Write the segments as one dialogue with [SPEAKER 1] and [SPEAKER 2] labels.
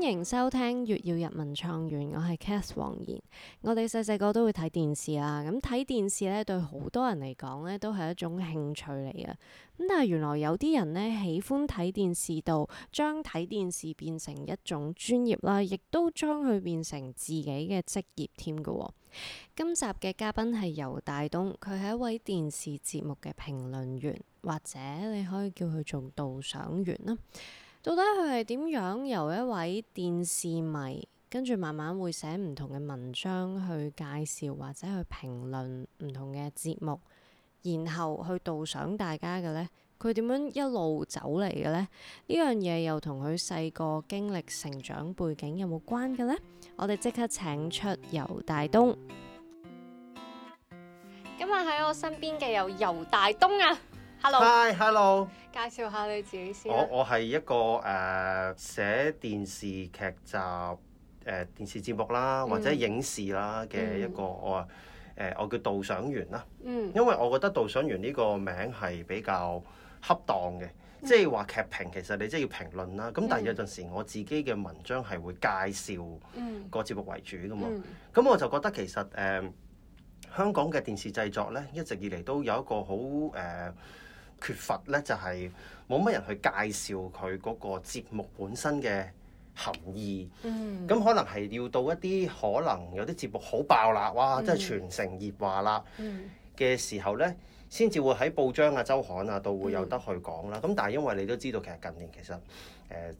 [SPEAKER 1] 歡迎收聽《月曜日文創園》，我係 Cath 黃妍。我哋細細個都會睇電視啦，咁睇電視咧對好多人嚟講咧都係一種興趣嚟啊。咁但係原來有啲人呢，喜歡睇電視到將睇電視變成一種專業啦，亦都將佢變成自己嘅職業添噶。今集嘅嘉賓係游大東，佢係一位電視節目嘅評論員，或者你可以叫佢做導賞員啦。到底佢係點樣由一位電視迷跟住，慢慢會寫唔同嘅文章去介紹或者去評論唔同嘅節目，然後去導賞大家嘅呢？佢點樣一路走嚟嘅呢？呢樣嘢又同佢細個經歷、成長背景有冇關嘅呢？我哋即刻請出游大東，今日喺我身邊嘅有游大東啊！Hello. Hi, hello。介紹下你自己先我。我我
[SPEAKER 2] 係一個誒、uh, 寫電視劇集、誒、uh, 電視節目啦，嗯、或者影視啦嘅一個、嗯、我誒、uh, 我叫導賞員啦。
[SPEAKER 3] 嗯。因
[SPEAKER 2] 為我覺得導賞員呢個名係比較恰當嘅，即係話劇評其實你即係要評論啦。咁但係有陣時我自己嘅文章係會介紹個節目為主噶嘛。咁、嗯嗯、我就覺得其實誒、uh, 香港嘅電視製作咧，一直以嚟都有一個好誒。Uh, 缺乏咧就係冇乜人去介紹佢嗰個節目本身嘅含義，
[SPEAKER 3] 咁、嗯、可
[SPEAKER 2] 能係要到一啲可能有啲節目好爆啦，哇！真係全城熱話啦嘅時候咧，先至會喺報章啊、周刊啊都會有得去講啦。咁、嗯、但係因為你都知道，其實近年其實誒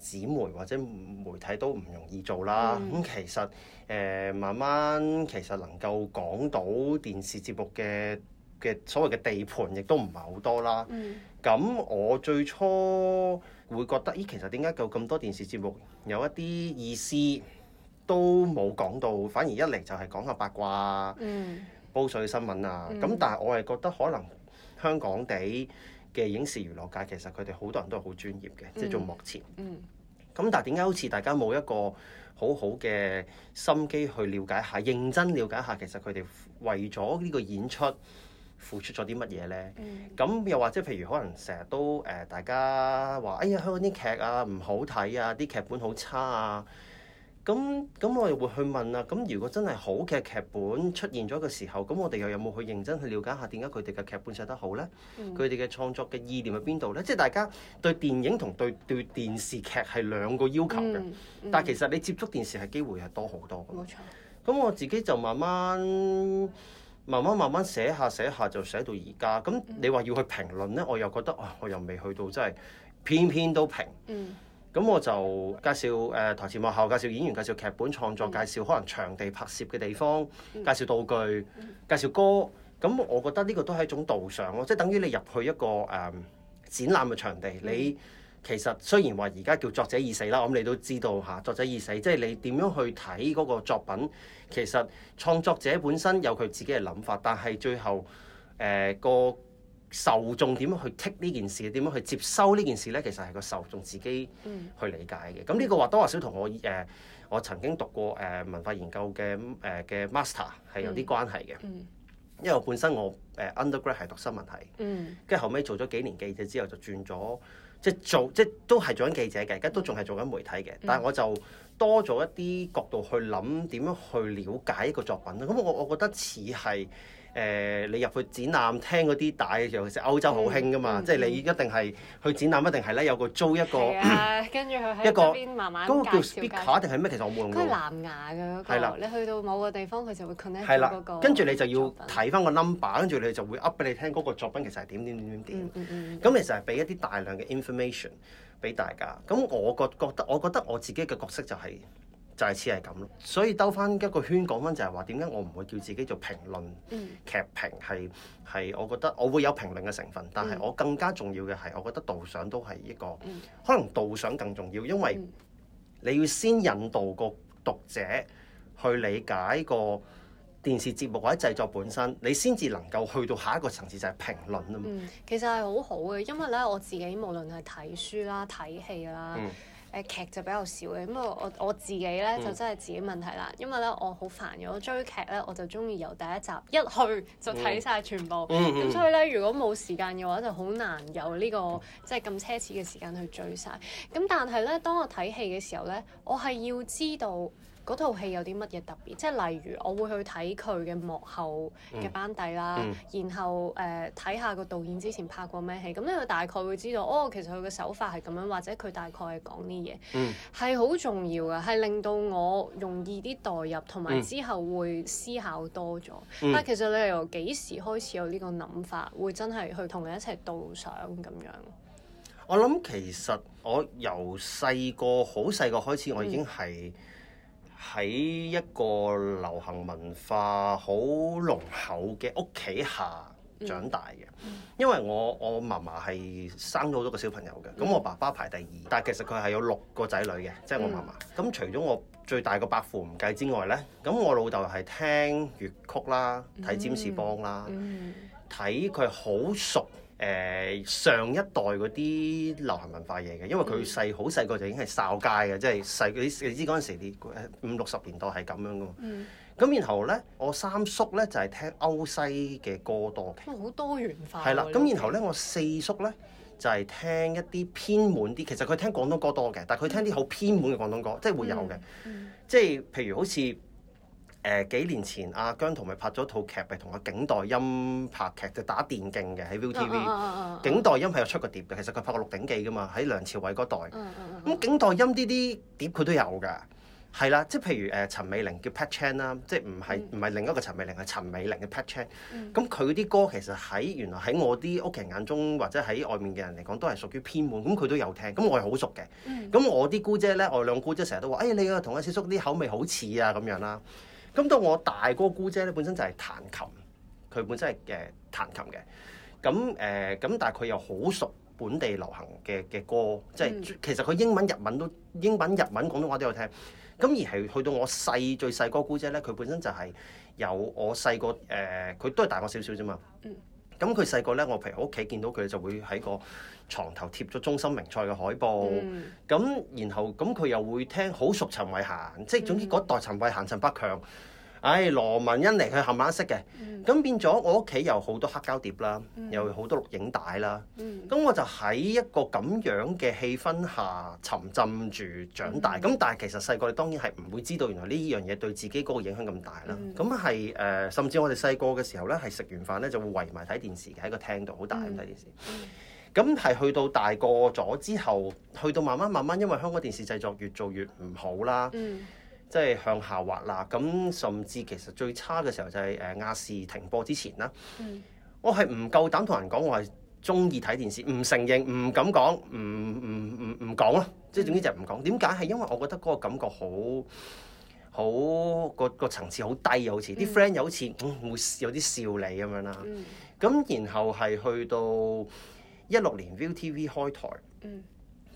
[SPEAKER 2] 紙、呃、媒或者媒體都唔容易做啦。咁、嗯嗯、其實誒、呃、慢慢其實能夠講到電視節目嘅嘅所謂嘅地盤亦都唔係好多啦。咁、嗯、我最初會覺得，咦，其實點解有咁多電視節目有一啲意思都冇講到，反而一嚟就係講下八卦、啊、煲水、嗯、新聞啊。咁、嗯、但係我係覺得可能香港地嘅影視娛樂界其實佢哋好多人都係好專業嘅，即、就、係、是、做幕前。咁、嗯嗯、但係點解好似大家冇一個好好嘅心機去了解下，認真了解下，其實佢哋為咗呢個演出，付出咗啲乜嘢呢？咁、嗯、又或者譬如可能成日都誒、呃，大家話：哎呀，香港啲劇啊唔好睇啊，啲劇本好差啊！咁咁我又會去問啊。咁如果真係好劇劇本出現咗嘅時候，咁我哋又有冇去認真去了解下點解佢哋嘅劇本寫得好呢？佢哋嘅創作嘅意念喺邊度呢？即、就、係、是、大家對電影同對對電視劇係兩個要求嘅。嗯嗯、但其實你接觸電視係機會係多好多。冇錯。咁、嗯嗯、我自己就慢慢。慢慢慢慢寫下寫下就寫到而家，咁你話要去評論呢？我又覺得啊、哦，我又未去到，真係篇篇都評。咁、嗯、我就介紹誒台前幕後介紹演員、介紹劇本創作、嗯、介紹可能場地拍攝嘅地方、介紹道具、嗯、介紹歌。咁我覺得呢個都係一種導賞咯，即、就、係、是、等於你入去一個誒展覽嘅場地，你、嗯。其實雖然話而家叫作者意死啦，我諗你都知道嚇，作者已死，即係你點樣去睇嗰個作品。其實創作者本身有佢自己嘅諗法，但係最後誒、呃、個受眾點樣去 take 呢件事，點樣去接收呢件事咧，其實係個受眾自己去理解嘅。咁呢、嗯、個或多或少同我誒、呃、我曾經讀過誒文化研究嘅誒嘅 Master 係有啲關係嘅。嗯
[SPEAKER 3] 嗯、
[SPEAKER 2] 因為我本身我誒 undergrad 係讀新聞系，
[SPEAKER 3] 跟
[SPEAKER 2] 住、嗯、後尾做咗幾年記者之後就轉咗。即係做，即係都係做緊記者嘅，而家都仲係做緊媒體嘅，但係我就多咗一啲角度去諗點樣去了解一個作品啦。咁我我覺得似係。誒，你入去展覽聽嗰啲帶嘅時候，其實歐洲好興㗎嘛，嗯嗯、即係你一定係去展覽一定係咧有個租一個，嗯嗯、
[SPEAKER 1] 跟住佢係一個嗰、嗰個叫 speaker 定
[SPEAKER 2] 係咩？其實我冇用。係藍牙嘅嗰
[SPEAKER 1] 個係啦，的你去到某個地方佢就會 connect 到係、嗰、啦、個，跟
[SPEAKER 2] 住你就要睇翻個 number，跟住你就會 up 俾你聽嗰個作品其實係點點點點
[SPEAKER 1] 點。咁、
[SPEAKER 3] 嗯
[SPEAKER 2] 嗯嗯、其實係俾一啲大量嘅 information 俾大家。咁我覺得我覺得我覺得我自己嘅角色就係、是。就似係咁咯，所以兜翻一個圈講翻就係話點解我唔會叫自己做評論、嗯、劇評係係，我覺得我會有評論嘅成分，但係我更加重要嘅係，我覺得導賞都係一個，嗯、可能導賞更重要，因為你要先引導個讀者去理解個電視節目或者製作本身，你先至能夠去到下一個層次就係、係、評論啊嘛、嗯。
[SPEAKER 1] 其實係好好嘅，因為咧我自己無論係睇書啦、睇戲啦。嗯誒劇就比較少嘅，咁我我我自己呢，嗯、就真係自己問題啦，因為呢，我好煩嘅，我追劇呢，我就中意由第一集一去就睇晒全部，咁、嗯、所以呢，如果冇時間嘅話就好難有呢、呢個即係咁奢侈嘅時間去追晒。咁但係呢，當我睇戲嘅時候呢，我係要知道。嗰套戲有啲乜嘢特別？即係例如，我會去睇佢嘅幕後嘅班底啦，嗯嗯、然後誒睇下個導演之前拍過咩戲，咁咧我大概會知道哦。其實佢嘅手法係咁樣，或者佢大概係講啲嘢，係好、嗯、重要嘅，係令到我容易啲代入，同埋之後會思考多咗。嗯嗯、但其實你由幾時開始有呢個諗法，會真係去同佢一齊導賞咁樣？我
[SPEAKER 2] 諗其實我由細個好細個開始，我已經係。嗯喺一個流行文化好濃厚嘅屋企下長大嘅，嗯嗯、因為我我嫲嫲係生咗好多個小朋友嘅，咁、嗯、我爸爸排第二，但係其實佢係有六個仔女嘅，即、就、係、是、我嫲嫲。咁、嗯、除咗我最大個伯父唔計之外呢，咁我老豆係聽粵曲啦，睇占士邦啦，睇佢好熟。誒、呃、上一代嗰啲流行文化嘢嘅，因為佢細好細個就已經係哨街嘅，即係細你你知嗰陣時你五六十年代係咁樣噶嘛。咁、mm. 然後咧，我三叔咧就係、是、聽歐西嘅歌多，
[SPEAKER 1] 好多元化。係啦，咁然後咧，
[SPEAKER 2] 我四叔咧就係、是、聽一啲偏門啲，其實佢聽廣東歌多嘅，但係佢聽啲好偏門嘅廣東歌，即、就、係、是、會有嘅，mm. Mm. 即係譬如好似。誒幾年前，阿姜濤咪拍咗套劇，咪同阿景黛音拍劇，就打電競嘅喺 Viu TV。景黛音係有出過碟嘅，其實佢拍過鹿鼎記㗎嘛，喺梁朝偉嗰代。咁景黛音呢啲碟佢都有㗎，係啦，即係譬如誒陳美玲叫 Pat Chan 啦，即係唔係唔係另一個陳美玲，係陳美玲嘅 Pat Chan。咁佢啲歌其實喺原來喺我啲屋企人眼中，或者喺外面嘅人嚟講，都係屬於偏門，咁佢都有聽，咁我係好熟嘅。咁我啲姑姐咧，我兩姑姐成日都話，哎呀，你同阿小叔啲口味好似啊，咁樣啦。咁到我大哥姑姐咧，本身就係彈琴，佢本身係誒彈琴嘅。咁誒咁，但係佢又好熟本地流行嘅嘅歌，即係其實佢英文、日文都英文、日文、廣東話都有聽。咁而係去到我細最細嗰個姑姐咧，佢本身就係有我細個誒，佢、呃、都係大我少少啫嘛。咁佢細個咧，我譬如喺屋企見到佢就會喺個床頭貼咗《中森明菜》嘅海報，咁、mm. 然後咁佢又會聽好熟陳慧嫻，即係總之嗰代陳慧嫻、陳百強。唉、哎，羅文欣嚟，佢冚唪唥識嘅，咁、嗯、變咗我屋企有好多黑膠碟啦，嗯、有好多錄影帶啦，咁、嗯、我就喺一個咁樣嘅氣氛下沉浸住長大。咁、嗯、但係其實細個你當然係唔會知道原來呢樣嘢對自己嗰個影響咁大啦。咁係誒，甚至我哋細個嘅時候咧，係食完飯咧就會圍埋睇電視嘅喺個廳度，好大咁睇電視。咁係、嗯嗯、去到大個咗之後，去到慢慢慢慢，因為香港電視製、製作越做越唔好啦。嗯即係向下滑啦，咁甚至其實最差嘅時候就係誒亞視停播之前啦、嗯。我係唔夠膽同人講我係中意睇電視，唔承認，唔敢講，唔唔唔唔講咯。即係、嗯、總之就唔講。點解係因為我覺得嗰個感覺好好，個、嗰個層次好低、嗯、好似啲 friend 又好似會有啲笑你咁樣啦。咁、嗯、然後係去到一六年 ViuTV 開台。嗯。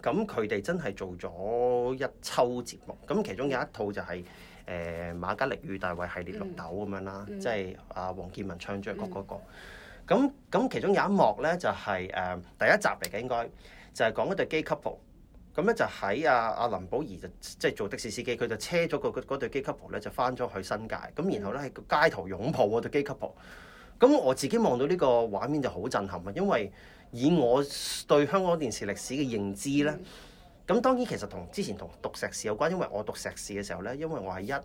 [SPEAKER 2] 咁佢哋真係做咗一輯節目，咁其中有一套就係、是、誒《瑪、呃、嘉烈與大衛》系列《綠豆》咁樣啦，即係啊黃劍文唱著歌嗰、那個。咁咁、嗯、其中有一幕咧，就係、是、誒、呃、第一集嚟嘅，應該就係、是、講嗰對機級服。咁咧就喺啊啊林保怡就即係、就是、做的士司機，佢就車咗個嗰嗰對機級服咧，就返咗去新界。咁然後咧喺個街頭擁抱嗰對機級服。咁我自己望到呢個畫面就好震撼啊，因為以我對香港電視歷史嘅認知呢，咁、嗯、當然其實同之前同讀碩士有關，因為我讀碩士嘅時候呢，因為我係一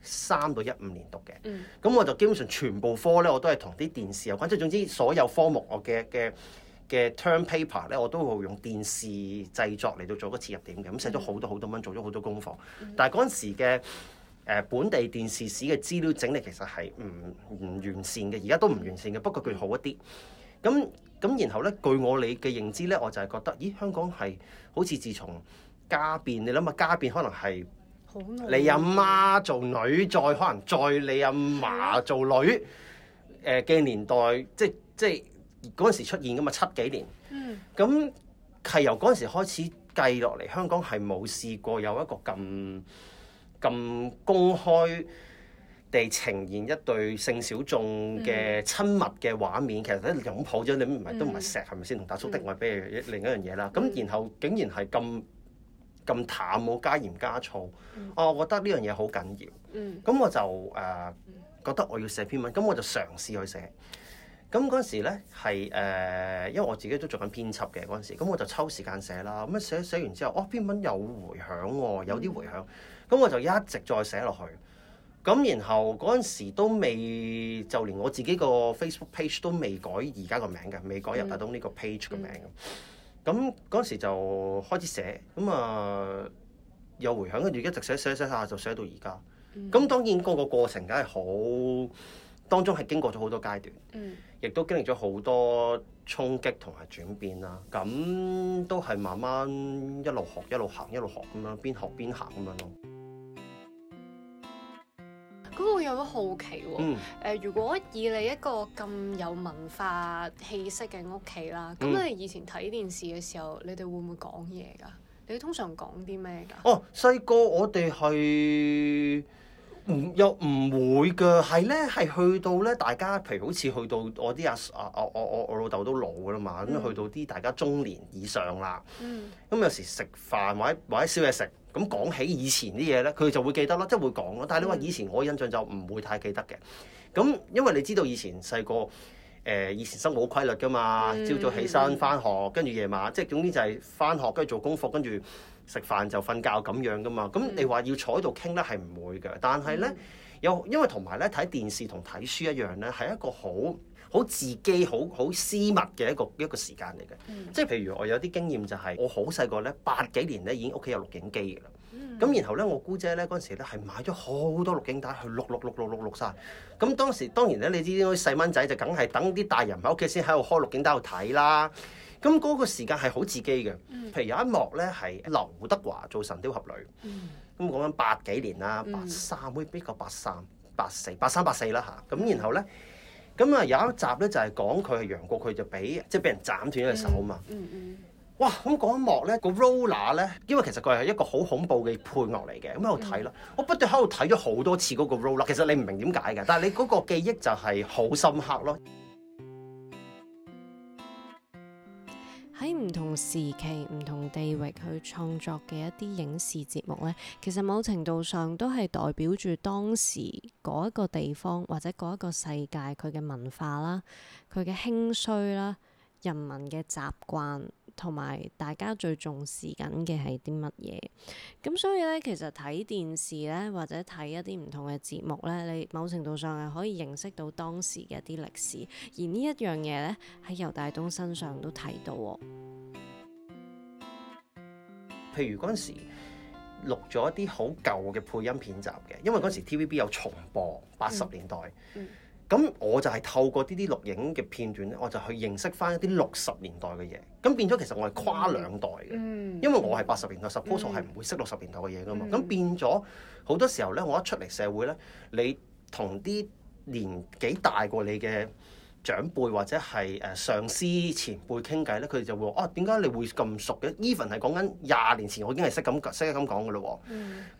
[SPEAKER 2] 三到一五年讀嘅，咁、嗯、我就基本上全部科呢，我都係同啲電視有關，即係總之所有科目我嘅嘅嘅 term paper 呢，我都會用電視製作嚟到做個切入點嘅，咁寫咗好多好多文，做咗好多功課。嗯、但係嗰陣時嘅、呃、本地電視史嘅資料整理其實係唔唔完善嘅，而家都唔完善嘅，不過佢好一啲。咁咁，然後咧，據我你嘅認知咧，我就係覺得，咦，香港係好似自從家變，你諗下家變可能係你阿媽，媽做女，再可能再你阿嫲做女，誒、呃、嘅年代，即即嗰陣時出現㗎嘛，七幾年，嗯，咁係由嗰陣時開始計落嚟，香港係冇試過有一個咁咁公開。地呈現一對性小眾嘅親密嘅畫面，其實你都擁抱咗你，唔係都唔係錫係咪先？同大叔的愛，比如另一樣嘢啦。咁、嗯、然後竟然係咁咁淡冇加鹽加醋，啊、
[SPEAKER 3] 嗯哦，
[SPEAKER 2] 我覺得呢樣嘢好緊要。咁、嗯、我就誒、uh, 覺得我要寫篇文，咁我就嘗試去寫。咁嗰陣時咧係誒，uh, 因為我自己都做緊編輯嘅嗰陣時，咁我就抽時間寫啦。咁寫寫完之後，哦，篇文有回響喎、哦，有啲回響。咁、嗯、我就一直再寫落去。咁然後嗰陣時都未，就連我自己個 Facebook page 都未改而家個名嘅，未改入大東呢個 page 嘅名。咁嗰陣時就開始寫，咁啊有回響，跟住一直寫寫寫，下就寫到而家。
[SPEAKER 3] 咁、嗯、當
[SPEAKER 2] 然嗰個過程梗係好，當中係經過咗好多階段，亦、嗯、都經歷咗好多衝擊同埋轉變啦。咁都係慢慢一路學一路行，一路學咁樣，邊學邊行咁樣咯。
[SPEAKER 1] 有好好奇喎、哦，嗯、如果以你一個咁有文化氣息嘅屋企啦，咁、嗯、你以前睇電視嘅時候，你哋會唔會講嘢㗎？你通常講啲咩
[SPEAKER 2] 㗎？哦，細個我哋係唔又唔會㗎，係咧係去到咧，大家譬如好似去到我啲阿阿阿我我我老豆都老㗎啦嘛，咁、嗯、去到啲大家中年以上啦，咁、嗯嗯、有時食飯或者或者宵夜食。咁講起以前啲嘢咧，佢就會記得咯，即係會講咯。但係你話以前我印象就唔會太記得嘅。咁因為你知道以前細個誒以前生活好規律㗎嘛，朝早起身返學，跟住夜晚即係總之就係返學跟住做功課，跟住食飯就瞓覺咁樣㗎嘛。咁你話要坐喺度傾咧係唔會嘅。但係咧、嗯、有因為同埋咧睇電視同睇書一樣咧，係一個好好自己好好私密嘅一個一個時間嚟嘅，即係譬如我有啲經驗就係我好細個咧，八幾年咧已經屋企有錄影機㗎啦。咁然後咧，我姑姐咧嗰陣時咧係買咗好多錄影帶去錄錄錄錄錄錄曬。咁當時當然咧，你知啲細蚊仔就梗係等啲大人喺屋企先喺度開錄影帶度睇啦。咁、那、嗰個時間係好自己嘅。譬、mm. 如有一幕咧係劉德華做神雕俠侶，咁講緊八幾年啦，八三、mm.，唔記得八三八四，八三八四啦嚇。咁然後咧。Mm. 咁啊，有一集咧就係、是、講佢係楊過佢就俾即係俾人斬斷咗隻手嘛。嗯嗯。哇！咁嗰一幕咧，個 roller 咧，因為其實佢係一個好恐怖嘅配樂嚟嘅，咁喺度睇啦，我不斷喺度睇咗好多次嗰個 roller。其實你唔明點解嘅，但係你嗰個記憶就係好深刻咯。
[SPEAKER 1] 喺唔同時期、唔同地域去創作嘅一啲影視節目咧，其實某程度上都係代表住當時嗰一個地方，或者嗰一個世界佢嘅文化啦、佢嘅興衰啦、人民嘅習慣。同埋大家最重視緊嘅係啲乜嘢？咁所以咧，其實睇電視咧，或者睇一啲唔同嘅節目咧，你某程度上係可以認識到當時嘅一啲歷史。而呢一樣嘢咧，喺游大東身上都睇到喎。
[SPEAKER 2] 譬如嗰陣時錄咗一啲好舊嘅配音片集嘅，因為嗰陣時 TVB 有重播八十年代。嗯嗯。咁我就係透過呢啲錄影嘅片段咧，我就去認識翻一啲六十年代嘅嘢。咁變咗其實我係跨兩代
[SPEAKER 3] 嘅，因
[SPEAKER 2] 為我係八十年代，Suppose，我係唔 mm. 會識六十年代嘅嘢噶嘛。咁變咗好多時候咧，我一出嚟社會咧，你同啲年紀大過你嘅長輩或者係誒上司前輩傾偈咧，佢哋就會話：啊點解你會咁熟嘅？Even 係講緊廿年前我已經係識咁識咁講㗎咯。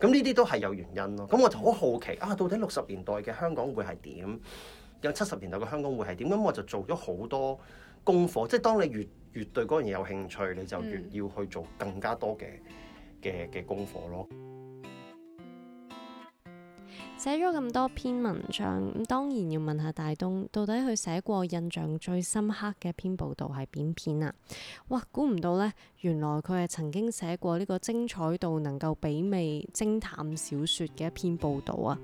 [SPEAKER 2] 咁呢啲都係有原因咯。咁我就好好奇啊，到底六十年代嘅香港會係點？有七十年代嘅香港會係點？咁我就做咗好多功課，即係當你越越對嗰樣嘢有興趣，你就越要去做更加多嘅嘅嘅功課咯。嗯、
[SPEAKER 1] 寫咗咁多篇文章，咁當然要問下大東，到底佢寫過印象最深刻嘅一篇報導係邊篇啊？哇！估唔到呢，原來佢係曾經寫過呢個精彩度能夠媲美偵探小說嘅一篇報導啊！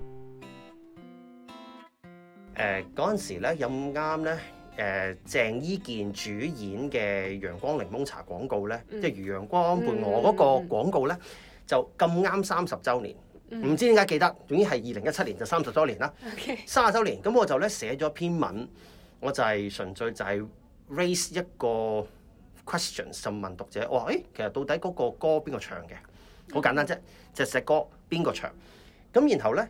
[SPEAKER 2] 誒嗰陣時咧，有咁啱咧，誒、呃、鄭伊健主演嘅《陽光檸檬茶》廣告咧，嗯、即係陽光伴我嗰個廣告咧，嗯、就咁啱三十週年，唔、嗯、知點解記得，總之係二零一七年就三十多年啦，三十週年，咁我就咧寫咗篇文，我就係純粹就係 raise 一個 question，詢問讀者，哇，誒、欸、其實到底嗰個歌邊個唱嘅？好簡單啫，就石、是、歌邊個唱？咁然後咧。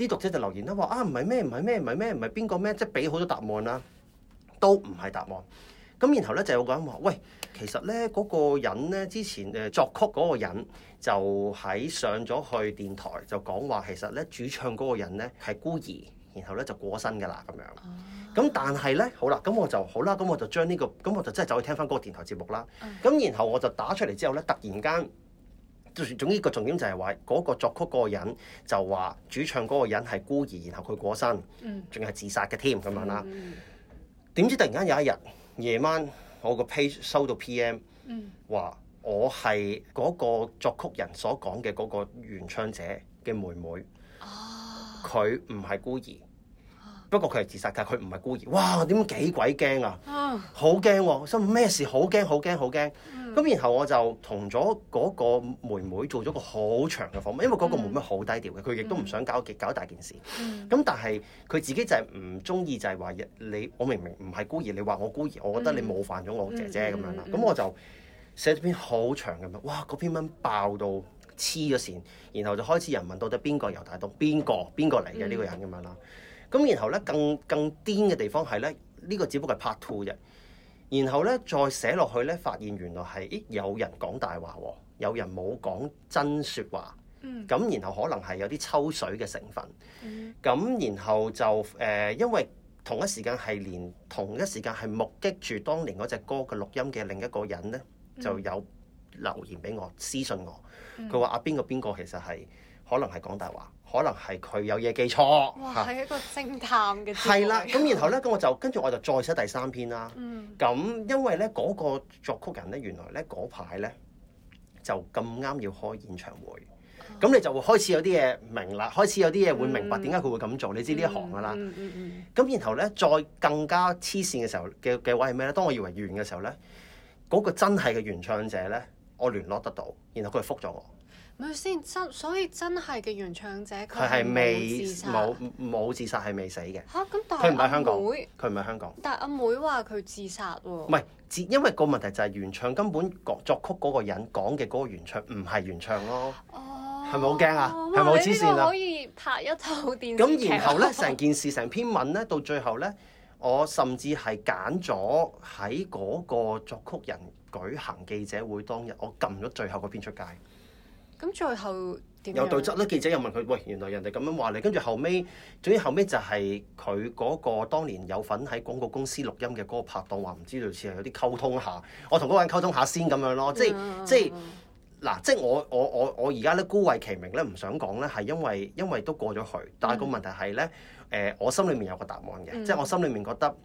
[SPEAKER 2] 啲讀者就留言啦、啊，話啊唔係咩唔係咩唔係咩唔係邊個咩，即係俾好多答案啦，都唔係答案。咁然後咧就有個人話，喂，其實咧嗰、那個人咧之前誒、呃、作曲嗰個人就喺上咗去電台就講話，其實咧主唱嗰個人咧係孤兒，然後咧就過身㗎啦咁樣。咁、uh huh. 但係咧好啦，咁我就好啦，咁我就將呢、這個，咁我就真係走去聽翻嗰個電台節目啦。咁、uh huh. 然後我就打出嚟之後咧，突然間。總之個重點就係話，嗰個作曲嗰個人就話主唱嗰個人係孤兒，然後佢過身，仲係、嗯、自殺嘅添咁樣啦。點知、嗯、突然間有一日夜晚，我個 page 收到 PM，話、嗯、我係嗰個作曲人所講嘅嗰個原唱者嘅妹妹。佢唔係孤兒，不過佢係自殺，但係佢唔係孤兒。哇！點幾鬼驚啊！好驚喎！心咩、啊、事？好驚，好驚，好驚！咁然後我就同咗嗰個妹妹做咗個好長嘅訪問，因為嗰個妹妹好低調嘅，佢亦都唔想搞搞大件事。咁、嗯、但係佢自己就係唔中意就係、是、話：你我明明唔係孤兒，你話我孤兒，我覺得你冒犯咗我姐姐咁、嗯、樣啦。咁、嗯嗯、我就寫咗篇好長嘅文，哇！嗰篇文爆到黐咗線，然後就開始有人問到底邊個游大東，邊個邊個嚟嘅呢個人咁樣啦。咁、嗯、然後咧更更癲嘅地方係咧，呢、這個只不過係 part two 啫。然後咧再寫落去咧，發現原來係，咦，有人講大話喎，有人冇講，哦，真説話。嗯。咁然後可能係有啲抽水嘅成分。嗯。咁然後就誒，呃，因為同一時間係連同一時間係目擊住當年嗰隻歌嘅錄音嘅另一個人咧，就有留言俾我，嗯、私信我，佢話阿邊個邊個其實係可能係講大話。可能係佢有嘢記錯。哇！係一個
[SPEAKER 1] 偵探嘅。係啦的，咁、嗯、然後咧，
[SPEAKER 2] 咁我就跟住我，我就再寫第三篇啦。咁、嗯、因為咧嗰個作曲人咧，原來咧嗰排咧就咁啱要開演唱會，咁、啊、你就會開始有啲嘢明啦，開始有啲嘢會明白點解佢會咁做。嗯、你知呢一行噶啦。咁、
[SPEAKER 3] 嗯
[SPEAKER 2] 嗯嗯、然後咧，再更加黐線嘅時候嘅嘅位係咩咧？當我以為完嘅時候咧，嗰、那個真係嘅原唱者咧，我聯絡得到，然後佢覆咗我。
[SPEAKER 1] 唔先真，所以真係嘅原唱者佢係未冇
[SPEAKER 2] 冇自殺，係未死嘅嚇。
[SPEAKER 1] 咁、啊、但係佢唔係香港，
[SPEAKER 2] 佢唔係香港。
[SPEAKER 1] 但阿妹話佢自殺喎、啊，唔係
[SPEAKER 2] 自，因為個問題就係原唱根本講作曲嗰個人講嘅嗰個原唱唔係原唱咯，係咪好驚啊？係咪好黐線啦？是是啊、可以
[SPEAKER 1] 拍一套電視劇咁、啊，然後咧成
[SPEAKER 2] 件事成篇文咧到最後咧，我甚至係揀咗喺嗰個作曲人舉行記者會當日，我撳咗最後嗰篇出街。
[SPEAKER 1] 咁最後有對質
[SPEAKER 2] 咧，記者又問佢：喂，原來人哋咁樣話你，跟住後尾，總之後尾就係佢嗰個當年有份喺廣告公司錄音嘅嗰個拍檔話，唔知類似係有啲溝通下，我同嗰個人溝通下先咁樣咯，即係、嗯、即係嗱，即係我我我我而家咧姑隱其名咧唔想講咧，係因為因為都過咗去，但係個問題係咧，誒、嗯呃，我心裏面有個答案嘅，嗯、即係我心裏面覺得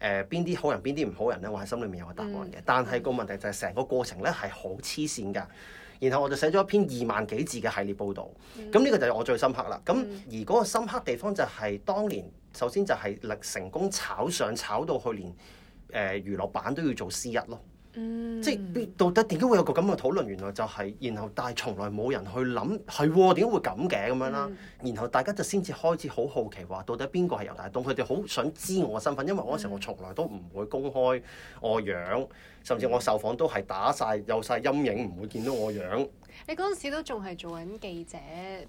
[SPEAKER 2] 誒邊啲好人邊啲唔好人咧，我喺心裏面有個答案嘅、嗯，但係個問題就係成個過程咧係好黐線㗎。然後我就寫咗一篇二萬幾字嘅系列報導，咁呢、嗯、個就係我最深刻啦。咁、嗯、而嗰個深刻地方就係當年首先就係力成功炒上炒到去連誒、呃、娛樂版都要做 C1 咯。嗯、即係到底點解會有個咁嘅討論？原來就係，然後但係從來冇人去諗係喎，點解、嗯、會咁嘅咁樣啦？樣然後大家就先至開始好好奇話，到底邊個係游大東？佢哋好想知我身份，因為嗰陣時我從來都唔會公開我樣，嗯、甚至我受訪都係打晒有晒陰影，唔會見到我樣。
[SPEAKER 1] 你嗰陣時都仲係做緊記者，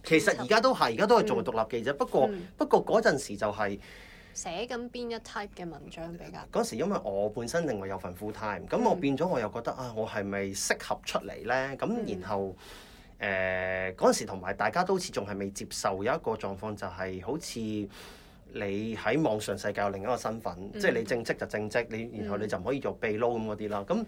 [SPEAKER 2] 其實而家都係，而家都係做獨立記者。嗯、不過、嗯、不過嗰陣時就係、是。
[SPEAKER 1] 寫緊邊一 type 嘅文章比
[SPEAKER 2] 較嗰陣時，因為我本身另外有份 full time，咁我變咗我又覺得啊，我係咪適合出嚟咧？咁然後誒嗰陣時，同埋大家都似仲係未接受有一個狀況，就係、是、好似你喺網上世界有另一個身份，嗯、即係你正職就正職，你然後你就唔可以做秘撈咁嗰啲啦。咁咁，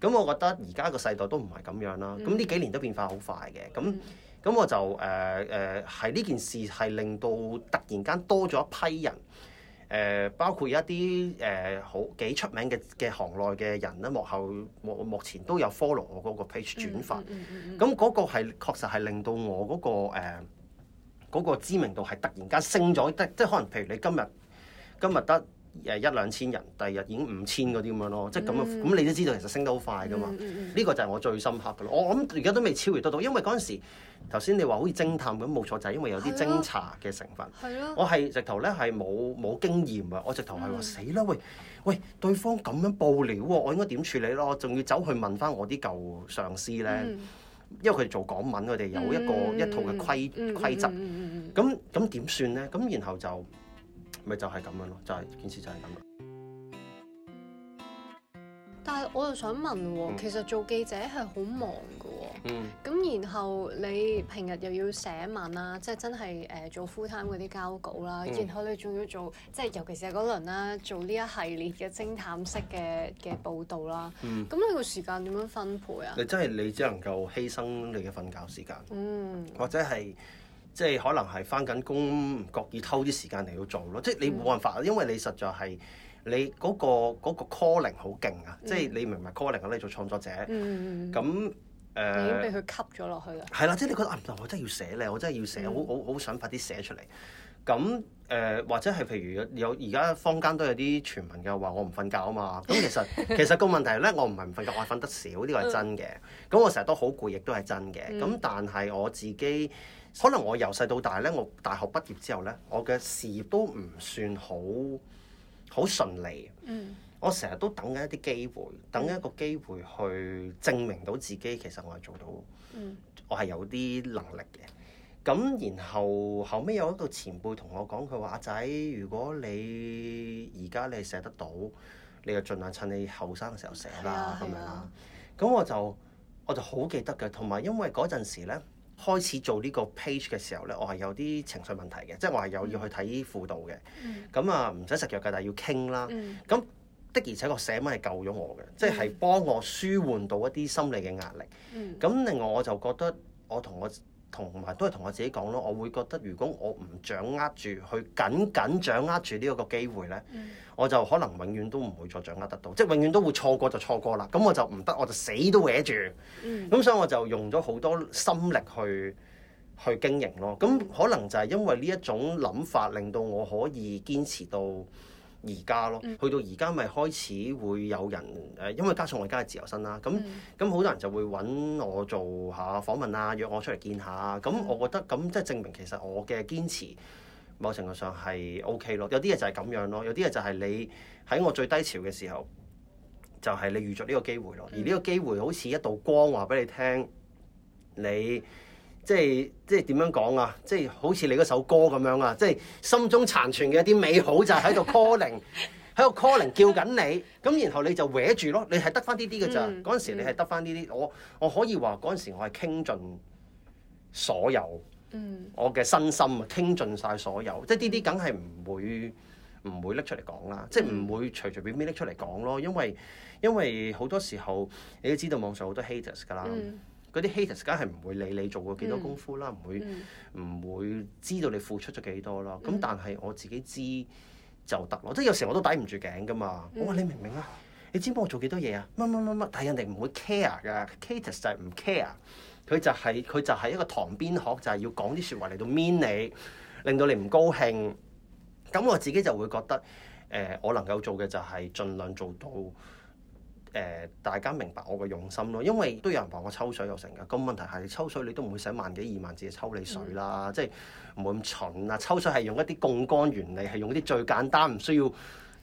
[SPEAKER 2] 嗯、我覺得而家個世代都唔係咁樣啦。咁呢、嗯、幾年都變化好快嘅。咁咁、嗯、我就誒誒係呢件事係令到突然間多咗一批人、人。誒、呃、包括一啲誒、呃、好幾出名嘅嘅行內嘅人啦，幕後幕目前都有 follow 我嗰個 page 轉發，
[SPEAKER 3] 咁嗰、嗯
[SPEAKER 2] 嗯嗯、個係確實係令到我嗰、那個誒、呃那個、知名度係突然間升咗，即即可能譬如你今日今日得。誒一兩千人，第日已經五千嗰啲咁樣咯，即係咁咁你都知道其實升得好快噶嘛？呢、mm hmm. 個就係我最深刻噶咯。我諗而家都未超越得到，因為嗰陣時頭先你話好似偵探咁冇錯，就係、是、因為有啲偵查嘅成分。係咯、mm hmm.。我係直頭咧係冇冇經驗啊！我直頭係話死啦喂喂，對方咁樣報料，我應該點處理咯？仲要走去問翻我啲舊上司咧？Mm hmm. 因為佢哋做港聞，佢哋有一個、mm hmm. 一套嘅規規則。嗯咁咁點算咧？咁然，然，然後就。咪就係咁樣咯，就係、是、件事就係咁樣。
[SPEAKER 1] 但係我又想問喎、哦，嗯、其實做記者係好忙噶喎、哦。嗯。咁然後你平日又要寫文啦、啊，即、就、係、是、真係誒、呃、做 full time 嗰啲交稿啦、啊，嗯、然後你仲要做，即、就、係、是、尤其是喺嗰輪啦，做呢一系列嘅偵探式嘅嘅報導啦、啊。嗯。咁你個時間點樣分配啊？你
[SPEAKER 2] 真係你只能夠犧牲你嘅瞓覺時間，嗯，或者係。即係可能係翻緊工，唔覺意偷啲時間嚟到做咯。即係你冇辦法，因為你實在係你嗰個嗰個 calling 好勁啊。即係你明唔明 calling，我哋做創作者咁誒，已經被
[SPEAKER 1] 佢吸咗落去啦。係啦，即係
[SPEAKER 2] 你覺得啊，我真係要寫咧，我真係要寫，好好好想快啲寫出嚟咁誒。或者係譬如有而家坊間都有啲傳聞嘅話，我唔瞓覺啊嘛。咁其實其實個問題咧，我唔係唔瞓覺，我瞓得少呢個係真嘅。咁我成日都好攰，亦都係真嘅。咁但係我自己。可能我由細到大咧，我大學畢業之後咧，我嘅事業都唔算好好順利。嗯。我成日都等緊一啲機會，等一個機會去證明到自己，其實我係做到。嗯。我係有啲能力嘅。咁然後後尾有一個前輩同我講，佢話：阿仔，如果你而家你係寫得到，你就盡量趁你後生嘅時候寫啦，咁、啊、樣啦。咁、啊、我就我就好記得嘅，同埋因為嗰陣時咧。開始做呢個 page 嘅時候呢，我係有啲情緒問題嘅，即係我係有要去睇輔導嘅。咁啊、嗯，唔使食藥嘅，但係要傾啦。咁、嗯、的而且個寫文係救咗我嘅，即係、嗯、幫我舒緩到一啲心理嘅壓力。咁、嗯、另外我就覺得我同我。同埋都係同我自己講咯，我會覺得如果我唔掌握住，去緊緊掌握住呢個機會呢，嗯、我就可能永遠都唔會再掌握得到，即係永遠都會錯過就錯過啦。咁我就唔得，我就死都搲住。咁、嗯、所以我就用咗好多心力去去經營咯。咁可能就係因為呢一種諗法，令到我可以堅持到。而家咯，嗯、去到而家咪開始會有人誒，因為加上我而家係自由身啦，咁咁好多人就會揾我做下訪問啊，約我出嚟見下咁、嗯、我覺得咁即係證明其實我嘅堅持某程度上係 OK 咯。有啲嘢就係咁樣咯，有啲嘢就係你喺我最低潮嘅時候，就係、是、你遇著呢個機會咯，嗯、而呢個機會好似一道光話俾你聽，你。即係即係點樣講啊？即係好似你嗰首歌咁樣啊！即係心中殘存嘅一啲美好就喺度 calling，喺度 calling 叫緊你。咁然後你就歪住咯，你係得翻呢啲嘅咋？嗰陣、嗯、時你係得翻呢啲。嗯、我我可以話嗰陣時我係傾盡所有，嗯、我嘅身心啊傾盡晒所有。即係呢啲梗係唔會唔會拎出嚟講啦。即係唔會隨隨便便拎出嚟講咯。因為因為好多時候你都知道網上好多 haters 噶啦、嗯。嗯嗯嗰啲 haters 梗係唔會理你做過幾多功夫啦，唔、嗯、會唔、嗯、會知道你付出咗幾多啦。咁、嗯、但係我自己知就得咯。即係有時我都抵唔住頸噶嘛。嗯、我話你明唔明啊？你知唔知我做幾多嘢啊？乜乜乜乜，但係人哋唔會 care 㗎。haters、嗯嗯、就係唔 care、就是。佢就係佢就係一個旁邊學，就係、是、要講啲説話嚟到 mean 你，令到你唔高興。咁我自己就會覺得，誒、呃，我能夠做嘅就係盡量做到。誒，大家明白我嘅用心咯，因為都有人話我抽水又成㗎。咁問題係抽水你都唔會使萬幾二萬字抽你水啦，嗯、即係唔會咁蠢啊！抽水係用一啲槓桿原理，係用啲最簡單唔需要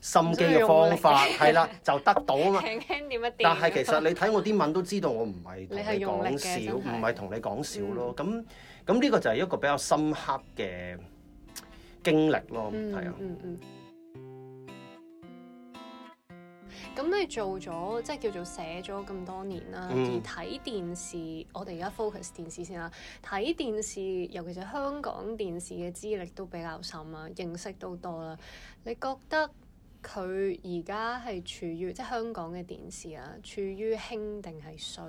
[SPEAKER 2] 心機嘅方法，係啦就得到啊嘛。平輕
[SPEAKER 1] 點乜，但係其實你
[SPEAKER 2] 睇我啲文都知道我唔係同你講笑，唔係同你講笑咯。咁咁呢個就係一個比較深刻嘅經歷咯，
[SPEAKER 3] 係啊。嗯嗯嗯
[SPEAKER 1] 咁你做咗即係叫做寫咗咁多年啦，嗯、而睇電視，我哋而家 focus 電視先啦。睇電視，尤其是香港電視嘅資歷都比較深啊，認識都多啦。你覺得佢而家係處於即係香港嘅電視啊，處於興定係衰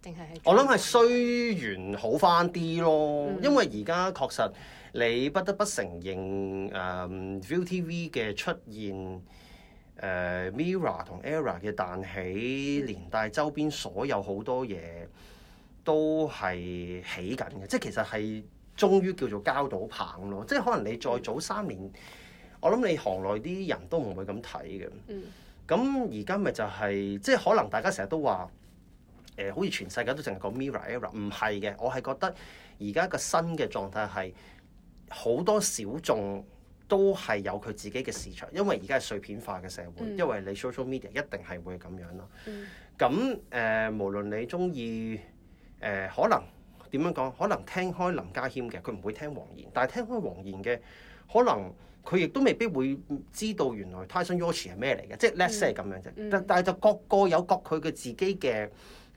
[SPEAKER 1] 定係係？我諗係
[SPEAKER 2] 衰完好翻啲咯，嗯、因為而家確實你不得不承認，誒、um,，ViuTV 嘅出現。誒 Mirror 同 Era 嘅彈起，連帶周邊所有好多嘢都係起緊嘅，即係其實係終於叫做交到棒咯。即係可能你再早三年，我諗你行內啲人都唔會咁睇嘅。咁而家咪就係、是，即係可能大家成日都話誒，好似全世界都淨係講 Mirror Era，唔係嘅。我係覺得而家個新嘅狀態係好多小眾。都係有佢自己嘅市場，因為而家係碎片化嘅社會，嗯、因為你 social media 一定係會咁樣咯。咁誒、嗯呃，無論你中意誒，可能點樣講，可能聽開林家謙嘅，佢唔會聽黃妍；但係聽開黃妍嘅，可能佢亦都未必會知道原來 Tyson Yoshi 係咩嚟嘅，即係 less、嗯、s 係咁樣啫。嗯、但但係就各個有各佢嘅自己嘅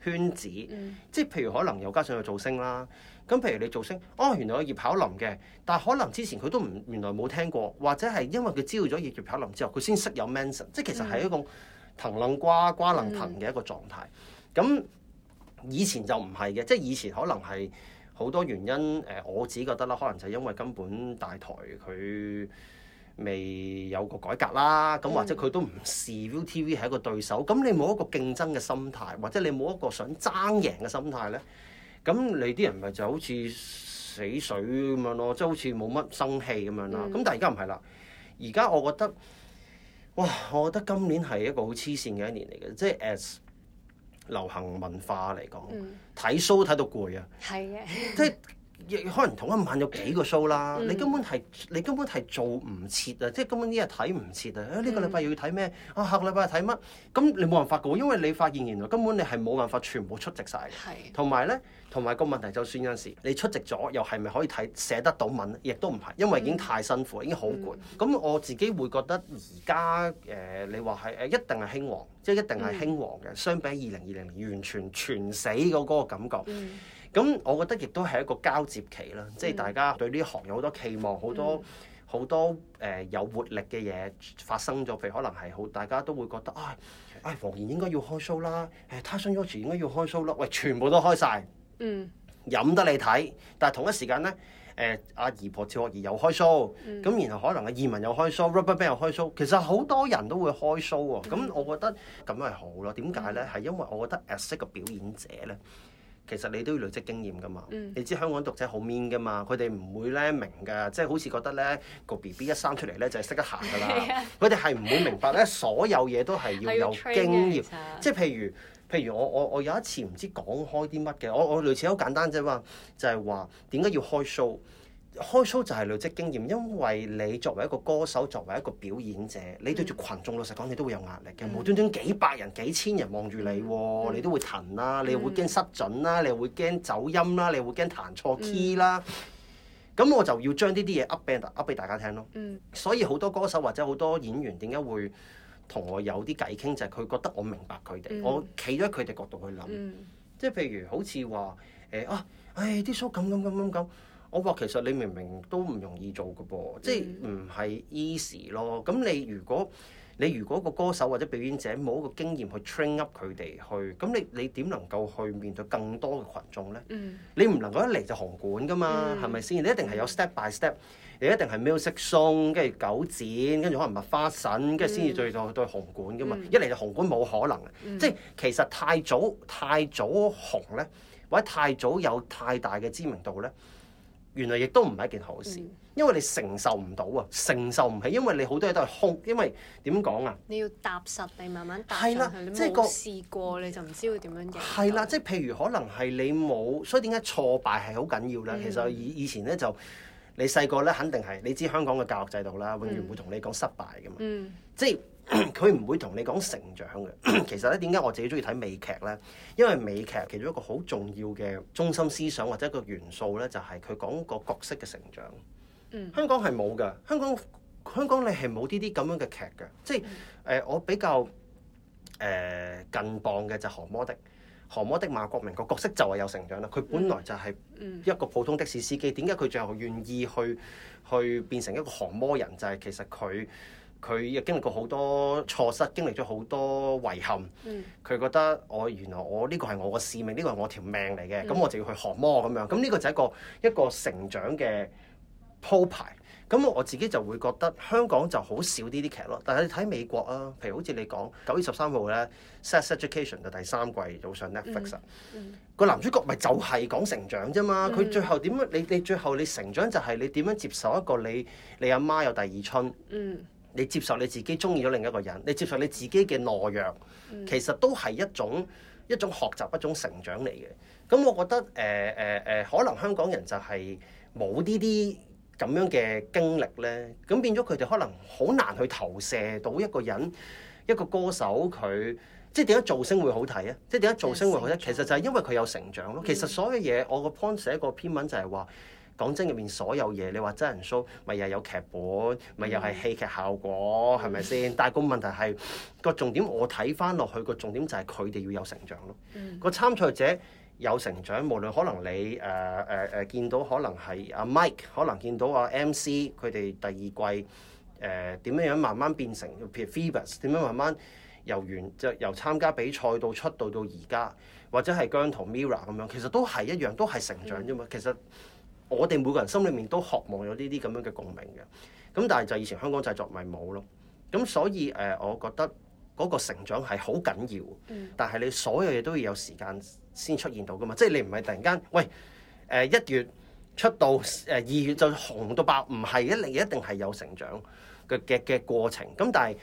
[SPEAKER 2] 圈子，即係譬如可能又加上有造星啦。咁譬如你造星，哦，原來有葉巧琳嘅，但係可能之前佢都唔原來冇聽過，或者係因為佢知道咗葉葉巧琳之後，佢先識有 Manson，即係其實係一個藤愣瓜瓜愣藤嘅一個狀態。咁、嗯、以前就唔係嘅，即係以前可能係好多原因誒，我自己覺得啦，可能就係因為根本大台佢未有個改革啦，咁、嗯、或者佢都唔視 ViuTV 係一個對手，咁、嗯、你冇一個競爭嘅心態，或者你冇一個想爭贏嘅心態咧？咁你啲人咪就好似死水咁樣咯，即係好似冇乜生氣咁樣啦。咁、嗯、但係而家唔係啦，而家我覺得，哇！我覺得今年係一個好黐線嘅一年嚟嘅，即係 as 流行文化嚟講，睇、嗯、show 睇到攰啊！係嘅。
[SPEAKER 3] 即係。
[SPEAKER 2] 亦可能同一晚有幾個 show 啦、嗯，你根本係你根本係做唔切啊！即係根本呢日睇唔切啊！呢個禮拜又要睇咩？啊下個禮拜睇乜？咁你冇辦法嘅，因為你發現原來根本你係冇辦法全部出席晒。係。同埋的呢，同埋個問題，就算有時你出席咗，又係咪可以睇寫得到文？亦都唔係，因為已經太辛苦，已經好攰。咁、嗯、我自己會覺得而家誒，你話係誒一定係興旺，即、就、係、是、一定係興旺嘅，嗯、相比二零二零年完全全死嗰嗰個感覺。嗯嗯咁我覺得亦都係一個交接期啦，即係大家對呢行有好多期望，好多好、嗯、多誒有活力嘅嘢發生咗，譬如可能係好，大家都會覺得啊啊黃妍應該要開 show 啦，誒 Tyson Yoshi 應該要開 show 啦，喂全部都開晒，
[SPEAKER 3] 嗯，
[SPEAKER 2] 飲得你睇，但係同一時間咧誒阿姨婆趙學、嗯、而又開 show，咁然後可能阿二汶又開 show，RubberBand 又、嗯嗯、開 show，其實好多人都會開 show 喎，咁、嗯嗯、我覺得咁係好咯，點解咧？係、嗯、因為我覺得 ex 嘅、呃、表演者咧。其實你都要累積經驗噶嘛，嗯、你知香港讀者好 mean 噶嘛，佢哋唔會咧明㗎，即係好似覺得咧個 B B 一生出嚟咧就係識得行㗎啦，佢哋係唔會明白咧所有嘢都係要有經驗，即係譬如譬如我我我有一次唔知講開啲乜嘅，我我類似好簡單，啫係話就係話點解要開 show。開 show 就係累積經驗，因為你作為一個歌手，作為一個表演者，你對住群眾，嗯、老實講，你都會有壓力嘅。無端端幾百人、幾千人望住你，嗯嗯、你都會騰啦，你又會驚失準啦，你又會驚走音啦，你又會驚彈錯 key 啦、嗯。咁、嗯、我就要將呢啲嘢 up 俾 up 俾大家聽咯。嗯嗯、所以好多歌手或者好多演員點解會同我有啲偈傾，就係、是、佢覺得我明白佢哋，嗯、我企咗喺佢哋角度去諗。即係譬如好似話誒啊，唉啲 show 咁咁咁咁咁。哎呃我話其實你明明都唔容易做㗎噃，即係唔係 easy 咯？咁你如果你如果個歌手或者表演者冇一個經驗去 train up 佢哋去，咁你你點能夠去面對更多嘅群眾咧？嗯、你唔能夠一嚟就紅館㗎嘛，係咪先？你一定係有 step by step，你一定係 music song，跟住九展，跟住可能麥花臣，跟住先至再再紅館㗎嘛。嗯、一嚟就紅館冇可能嘅，嗯、即係其實太早太早紅咧，或者太早有太大嘅知名度咧。原來亦都唔係一件好事，嗯、因為你承受唔到啊，承受唔起，因為你好多嘢都係空，因為點講啊？
[SPEAKER 1] 你要踏實嚟慢慢踏上，的你冇試過、那個、你就唔知會點樣應。
[SPEAKER 2] 係啦，即係譬如可能係你冇，所以點解挫敗係好緊要啦？嗯、其實以以前咧就你細個咧肯定係你知香港嘅教育制度啦，永遠唔會同你講失敗嘅嘛，嗯嗯、即係。佢唔 會同你講成長嘅， 其實咧點解我自己中意睇美劇呢？因為美劇其中一個好重要嘅中心思想或者一個元素呢，就係佢講個角色嘅成長、嗯香香。香港係冇嘅，香港香港你係冇呢啲咁樣嘅劇嘅。即係我比較誒、呃、近磅嘅就係降魔的，降魔的,的馬國明個角色就係有成長啦。佢本來就係一個普通的士司機，點解佢最後願意去去變成一個降魔人？就係其實佢。佢又經歷過好多錯失，經歷咗好多遺憾。佢、嗯、覺得我，我原來我呢個係我個使命，呢個係我條命嚟嘅。咁、嗯、我就要去學魔咁樣。咁呢個就係一個一個成長嘅鋪排。咁我自己就會覺得香港就好少呢啲劇咯。但係你睇美國啊，譬如好似你講九月十三號咧，《Sex Education、嗯》嘅、嗯、第三季，早上 Netflix 啊、嗯。
[SPEAKER 3] 嗯、
[SPEAKER 2] 個男主角咪就係講成長啫嘛。佢最後點樣？你你最後你成長就係你點樣接受一個你你阿媽有第二春？嗯。嗯你接受你自己中意咗另一個人，你接受你自己嘅懦弱，其實都係一種一種學習一種成長嚟嘅。咁我覺得誒誒誒，可能香港人就係冇呢啲咁樣嘅經歷咧，咁變咗佢哋可能好難去投射到一個人一個歌手佢，即係點解造星會好睇啊？即係點解造星會好睇？其實就係因為佢有成長咯。其實所有嘢，我個 point 寫一個篇文就係話。講真，入面所有嘢，你話真人 show，咪又有劇本，咪又係戲劇效果，係咪先？但個問題係個重點我，我睇翻落去個重點就係佢哋要有成長咯。個、mm. 參賽者有成長，無論可能你誒誒誒見到可能係阿 Mike，可能見到阿 MC，佢哋第二季誒點樣樣慢慢變成 Phoebus，點樣慢慢由完就由參加比賽到出道到而家，或者係姜濤 MIRROR 咁樣，其實都係一樣，都係成長啫嘛。Mm. 其實。我哋每個人心裏面都渴望有呢啲咁樣嘅共鳴嘅，咁但係就以前香港製作咪冇咯，咁所以誒，我覺得嗰個成長係好緊要，但係你所有嘢都要有時間先出現到噶嘛，即係你唔係突然間，喂，誒一月出道，誒二月就紅到爆，唔係嘅，你一定係有成長嘅嘅嘅過程，咁但係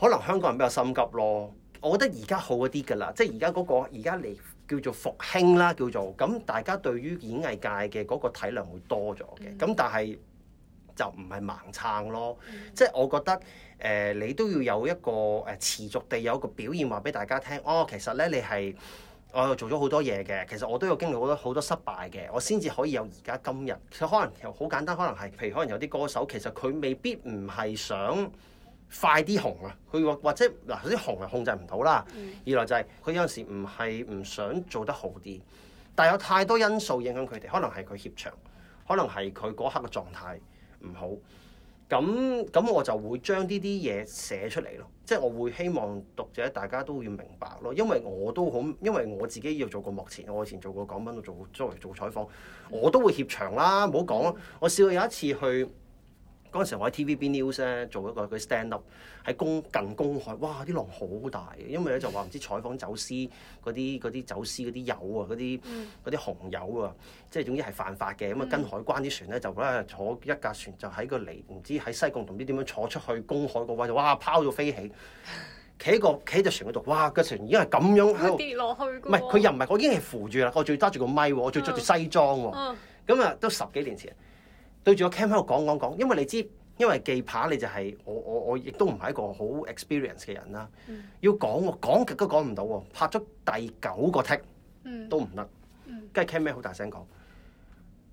[SPEAKER 2] 可能香港人比較心急咯，我覺得而家好一啲㗎啦，即係而家嗰個而家你。叫做復興啦，叫做咁，大家對於演藝界嘅嗰個體量會多咗嘅，咁、mm hmm. 但係就唔係盲撐咯，即係、mm hmm. 我覺得誒、呃，你都要有一個誒持續地有一個表現話俾大家聽，哦，其實咧你係，我又做咗好多嘢嘅，其實我都有經歷好多好多失敗嘅，我先至可以有而家今日，其實可能好簡單，可能係譬如可能有啲歌手其實佢未必唔係想。快啲紅啊！佢或或者嗱，啲紅又控制唔到啦。嗯、二來就係、是、佢有陣時唔係唔想做得好啲，但係有太多因素影響佢哋，可能係佢怯場，可能係佢嗰刻嘅狀態唔好。咁咁我就會將呢啲嘢寫出嚟咯。即、就、係、是、我會希望讀者大家都要明白咯，因為我都好，因為我自己要做過幕前，我以前做過講賓，做作為做，做採訪，我都會怯場啦。唔好講，我試過有一次去。嗰陣時，我喺 TVB News 咧做一個佢 stand up，喺公近公海，哇！啲浪好大嘅，因為咧就話唔知採訪走私嗰啲啲走私嗰啲油啊，嗰啲啲紅油啊，即係總之係犯法嘅。咁啊，跟海關啲船咧就咧坐一架船，就喺個離唔知喺西貢同啲點樣坐出去公海個位就哇！拋咗飛起，企喺個企隻船嗰度，哇！個船已經係咁樣，佢跌落去，唔係佢又唔係我已經係扶住啦，我仲要揸住個咪，我仲要着住西裝喎，咁啊都十幾年前。對住個 cam 喺度講一講一講，因為你知，因為記牌你就係、是、我我我亦都唔係一個好 experience 嘅人啦。嗯、要講講極都講唔到喎，拍咗第九個
[SPEAKER 3] take 都唔得，
[SPEAKER 2] 跟住 cam 咩好大聲講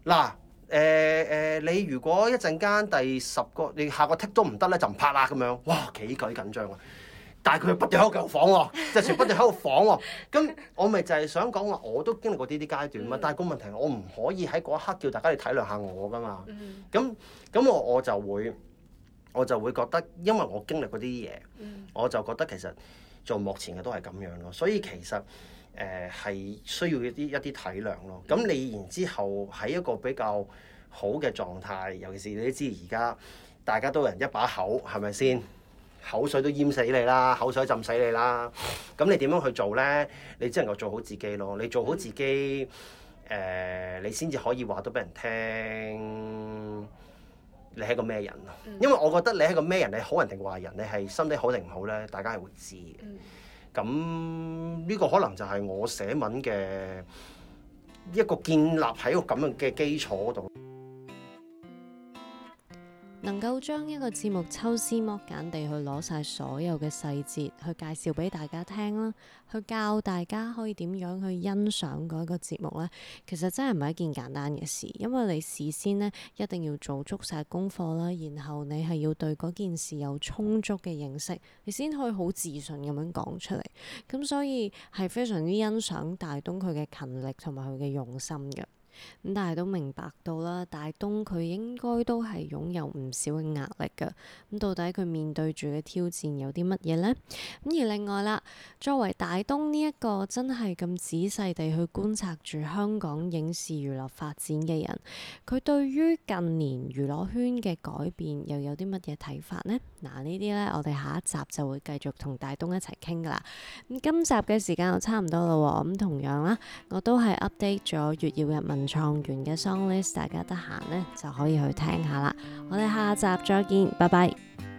[SPEAKER 2] 嗱誒誒，你如果一陣間第十個你下個 take 都唔得咧，就唔拍啦咁樣，哇幾鬼緊張啊！但係佢不斷喺度仿喎， 就係不斷喺度房喎。咁 我咪就係想講話、啊，我都經歷過呢啲階段嘛。嗯、但係個問題，我唔可以喺嗰一刻叫大家去體諒下我㗎嘛。咁咁、嗯、我我就會，我就會覺得，因為我經歷過啲嘢，嗯、我就覺得其實做幕前嘅都係咁樣咯。所以其實誒係、呃、需要一啲一啲體諒咯。咁你然之後喺一個比較好嘅狀態，尤其是你都知而家大家都有人一把口，係咪先？口水都淹死你啦，口水浸死你啦。咁你點樣去做呢？你只能夠做好自己咯。你做好自己，誒、呃，你先至可以話到俾人聽，你係個咩人？因為我覺得你係個咩人，你好人定壞人，你係心底好定唔好呢？大家係會知嘅。咁呢個可能就係我寫文嘅一個建立喺個咁樣嘅基礎度。
[SPEAKER 1] 能夠將一個節目抽絲剝繭地去攞晒所有嘅細節，去介紹俾大家聽啦，去教大家可以點樣去欣賞嗰一個節目咧，其實真係唔係一件簡單嘅事，因為你事先呢一定要做足晒功課啦，然後你係要對嗰件事有充足嘅認識，你先可以好自信咁樣講出嚟。咁所以係非常之欣賞大東佢嘅勤力同埋佢嘅用心嘅。咁但係都明白到啦，大東佢應該都係擁有唔少嘅壓力噶。咁到底佢面對住嘅挑戰有啲乜嘢呢？咁而另外啦，作為大東呢一個真係咁仔細地去觀察住香港影視娛樂發展嘅人，佢對於近年娛樂圈嘅改變又有啲乜嘢睇法呢？嗱、啊，呢啲呢，我哋下一集就會繼續同大東一齊傾噶啦。咁今集嘅時間就差唔多咯、啊。咁同樣啦，我都係 update 咗粵語嘅文。創完嘅 song list，大家得閒呢就可以去聽下啦。我哋下集再見，拜拜。